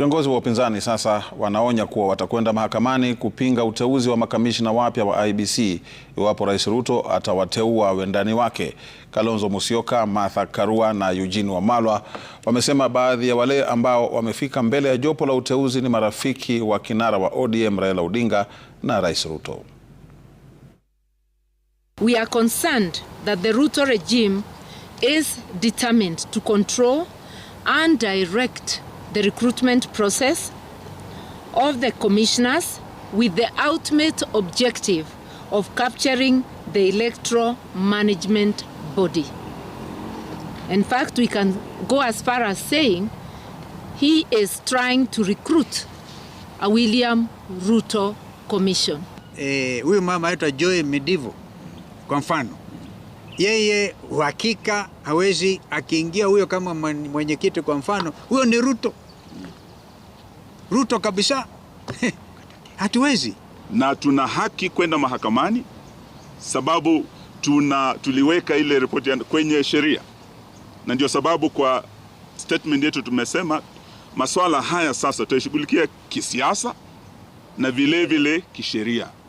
Viongozi wa upinzani sasa wanaonya kuwa watakwenda mahakamani kupinga uteuzi wa makamishina wapya wa IEBC iwapo Rais Ruto atawateua wendani wake. Kalonzo Musyoka, Martha Karua na Eugene Wamalwa wamesema baadhi ya wale ambao wamefika mbele ya jopo la uteuzi ni marafiki wa kinara wa ODM Raila Odinga na Rais Ruto. We are concerned that the Ruto regime is determined to control and direct the recruitment process of the commissioners with the ultimate objective of capturing the electoral management body. In fact, we can go as far as saying he is trying to recruit a William Ruto commission. Eh, huyu mama aitwa Joy Medivo kwa mfano, yeye uhakika hawezi akiingia huyo kama mwenyekiti kwa mfano, huyo ni Ruto. Ruto kabisa hatuwezi na tuna haki kwenda mahakamani sababu tuna, tuliweka ile ripoti kwenye sheria, na ndio sababu kwa statement yetu tumesema masuala haya sasa tutashughulikia kisiasa na vilevile kisheria.